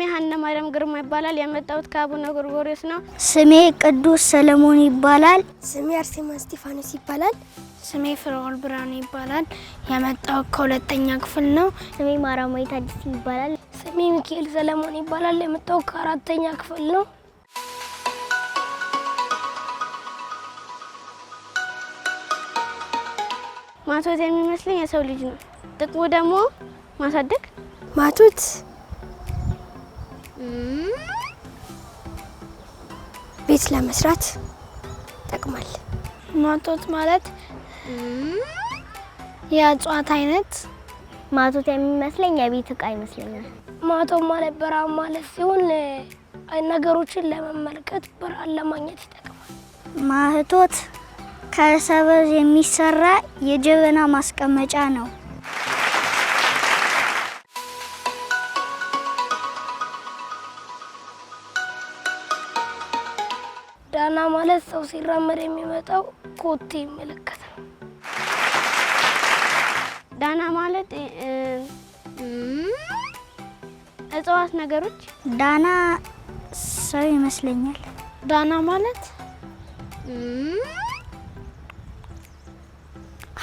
ስሜ ሀነ ማርያም ግርማ ይባላል። የመጣሁት ከአቡነ ጎርጎሪዎስ ነው። ስሜ ቅዱስ ሰለሞን ይባላል። ስሜ አርሴማ እስጢፋኖስ ይባላል። ስሜ ፍሮል ብርሃኑ ይባላል። የመጣሁት ከሁለተኛ ክፍል ነው። ስሜ ማራማዊት አዲስ ይባላል። ስሜ ሚካኤል ሰለሞን ይባላል። የመጣሁት ከአራተኛ ክፍል ነው። ማቶት የሚመስለኝ የሰው ልጅ ነው። ጥቅሙ ደግሞ ማሳደግ ማቶት ቤት ለመስራት ይጠቅማል። ማቶት ማለት የእጽዋት አይነት ማቶት የሚመስለኝ የቤት እቃ ይመስለኛል። ማቶ ማለት ብርሃን ማለት ሲሆን ነገሮችን ለመመልከት ብርሃን ለማግኘት ይጠቅማል። ማህቶት ከሰበዝ የሚሰራ የጀበና ማስቀመጫ ነው። ቀና ማለት ሰው ሲራመድ የሚመጣው ኮቴ ምልክት ነው። ዳና ማለት እጽዋት ነገሮች ዳና ሰው ይመስለኛል። ዳና ማለት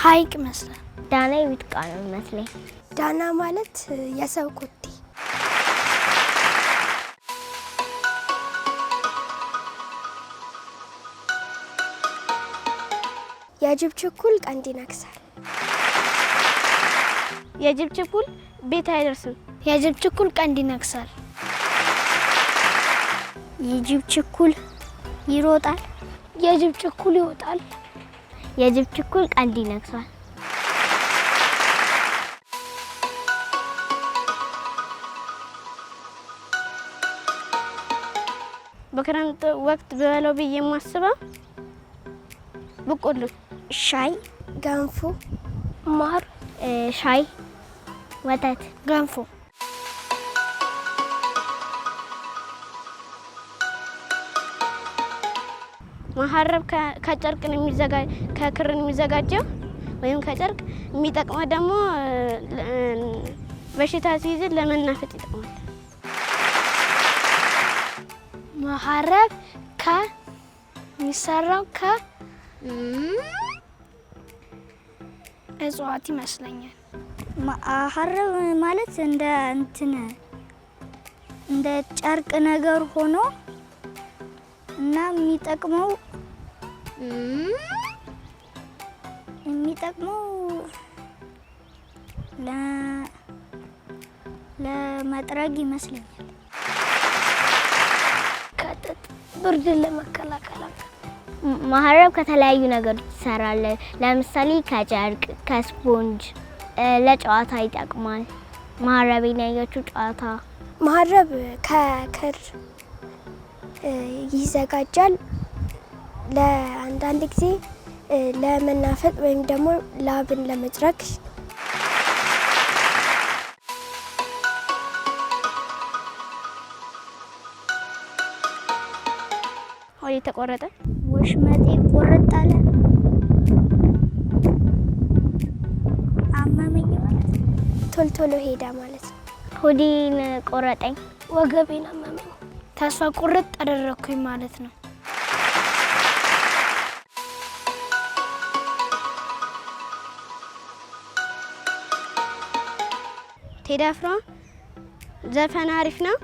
ሀይቅ መስለ ዳና ይውድቃ ነው ይመስለኝ። ዳና ማለት የሰው ኮቴ የጅብ ችኩል ቀንድ ይነክሳል። የጅብ ችኩል ቤት አይደርስም። የጅብ ችኩል ቀንድ ይነክሳል የጅብ ችኩል ይሮጣል። የጅብ ችኩል ይወጣል። የጅብ ችኩል ቀንድ ይነክሳል በክረምት ወቅት በበለው ብዬ የማስበው በቆሎ ሻይ፣ ገንፎ፣ ማር፣ ሻይ፣ ወተት፣ ገንፎ መሀረብ ከጨርቅ ነው የሚዘጋጅ ከክር ነው የሚዘጋጀው ወይም ከጨርቅ የሚጠቅመው ደግሞ በሽታ ሲይዝ ለመናፈጥ ይጠቅማል። መሀረብ ከሚሰራው ከ እጽዋት ይመስለኛል። ሀረር ማለት እንደ እንትን እንደ ጨርቅ ነገር ሆኖ እና የሚጠቅመው የሚጠቅመው ለመጥረግ ይመስለኛል። ከጥጥ ብርድን ለመከላከል ማሀረብ ከተለያዩ ነገሮች እንሰራለን። ለምሳሌ ከጨርቅ ከስፖንጅ ለጨዋታ ይጠቅማል። መሀረቤን ያየችው ጨዋታ መሀረብ ከክር ይዘጋጃል። ለአንዳንድ ጊዜ ለመናፈጥ ወይም ደግሞ ላብን ለመጥረግ ሆ የተቆረጠ ወሽመጤ ቆረጥ ቶሎ ቶሎ ሄዳ ማለት ነው። ሆዴን ቆረጠኝ፣ ወገቤን አመመኝ። ተስፋ ቁርጥ አደረግኩኝ ማለት ነው። ቴዲ አፍሮ ዘፈን አሪፍ ነው፣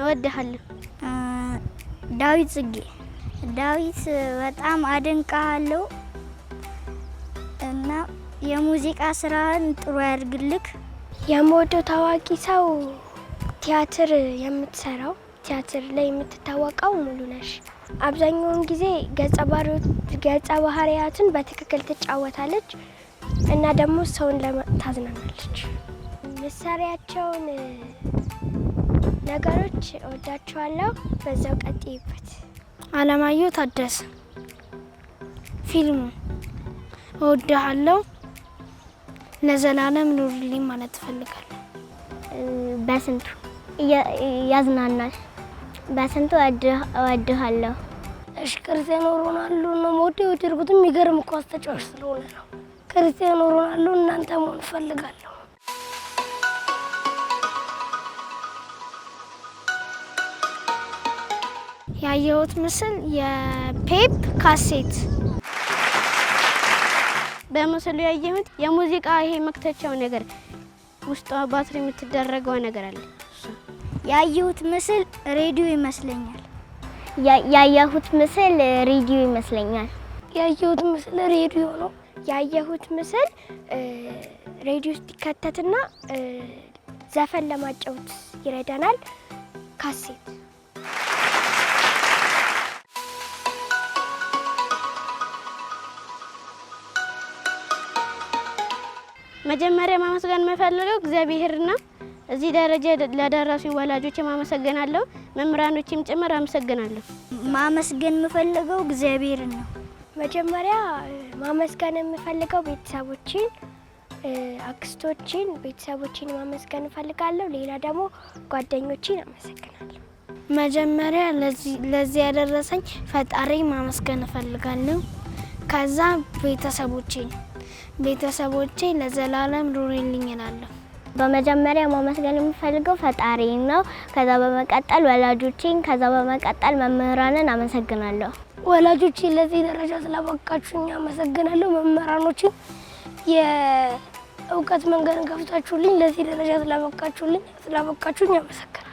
እወድሃለሁ። ዳዊት ጽጌ ዳዊት በጣም አደንቃሃለሁ። የሙዚቃ ስራህን ጥሩ ያድርግልክ። የምወደው ታዋቂ ሰው ቲያትር የምትሰራው ቲያትር ላይ የምትታወቀው ሙሉ ነሽ። አብዛኛውን ጊዜ ገጸ ባህርያትን በትክክል ትጫወታለች እና ደግሞ ሰውን ታዝናናለች። መሳሪያቸውን ነገሮች እወዳቸዋለሁ። በዛው ቀጥይበት። አለማየሁ ታደሰ ፊልሙ እወድሃለሁ። ለዘላለም ኑርልኝ ማለት ትፈልጋለሁ። በስንቱ ያዝናናል፣ በስንቱ እወድሃለሁ። እሺ፣ ክርስቲያኖ ሮናልዶ ነው የምወደው። የወደድኩትም የሚገርም ኳስ ተጫዋች ስለሆነ ነው። ክርስቲያኖ ሮናልዶ እናንተ መሆን እፈልጋለሁ። ያየሁት ምስል የፔፕ ካሴት በምስሉ ያየሁት የሙዚቃ ይሄ መክተቻው ነገር ውስጧ ባትሪ የምትደረገው ነገር አለ። ያየሁት ምስል ሬዲዮ ይመስለኛል። ያየሁት ምስል ሬዲዮ ይመስለኛል። ያየሁት ምስል ሬዲዮ ነው። ያየሁት ምስል ሬዲዮ ውስጥ ይከተትና ዘፈን ለማጫወት ይረዳናል ካሴት መጀመሪያ ማመስገን የምፈልገው ነው። እዚህ ደረጃ ለደረሱ ወላጆች ማመሰግናለሁ። መምህራኖችም ጭምር አመሰግናለሁ። ማመስገን የምፈልገው እግዚአብሔርን ነው። መጀመሪያ ማመስገን የምፈልገው ቤተሰቦችን፣ አክስቶችን፣ ቤተሰቦችን ማመስገን እፈልጋለሁ። ሌላ ደግሞ ጓደኞችን አመሰግናለሁ። መጀመሪያ ለዚህ ያደረሰኝ ፈጣሪ ማመስገን እፈልጋለሁ። ከዛ ቤተሰቦቼ ነው። ቤተሰቦቼ ለዘላለም ኑሩልኝ እላለሁ። በመጀመሪያ ማመስገን የምፈልገው ፈጣሪን ነው። ከዛ በመቀጠል ወላጆቼን፣ ከዛ በመቀጠል መምህራንን አመሰግናለሁ። ወላጆቼ ለዚህ ደረጃ ስላበቃችሁኝ አመሰግናለሁ። መምህራኖችን የእውቀት መንገድን ከፍታችሁልኝ ለዚህ ደረጃ ስላበቃችሁልኝ ስላበቃችሁኝ አመሰግናለሁ።